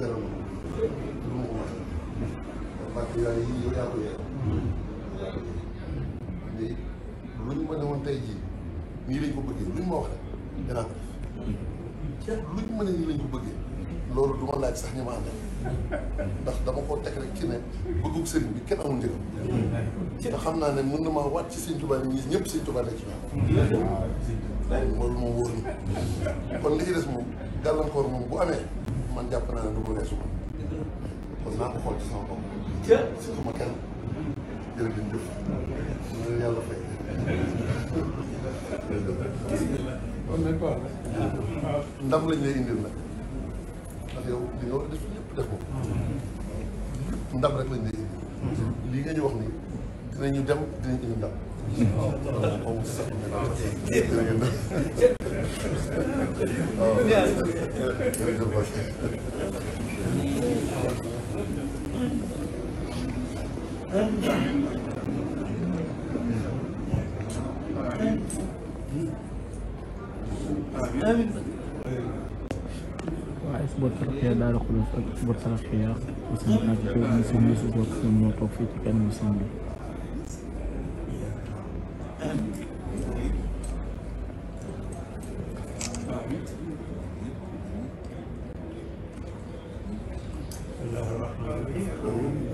teral lu ma ñu ma ne woon tey jii nii lañ ko bëggee lu ñu ma wax rek danaa ko loolu du laaj sax ñu ma àndal ndax dama koo teg rek ci ne bëggug sëriñ bi kenn amul njëriñ te xam naa ne mën na maa waat ci sëñ yi ñi ñëpp sëñ Tuubaa la ci ñoom loolu moom wóor na kon li des moom gàllankoor moom bu amee man jàpp naa ne du mu ne suma kon naa ko xool ci ma kenn jërëjëf ma ne yàlla fay ndam lañ lay indil nag ndax yow li nga war a def lépp def ko ndam rek lañ lay indil lii nga ñu wax nii dinañu dem dinañ ndam Duydum başka. أكبر ترقية دار خلوص أكبر ترقية وسنقاتل في المسلمين وتوفيق المسلمين الله الرحمن الرحيم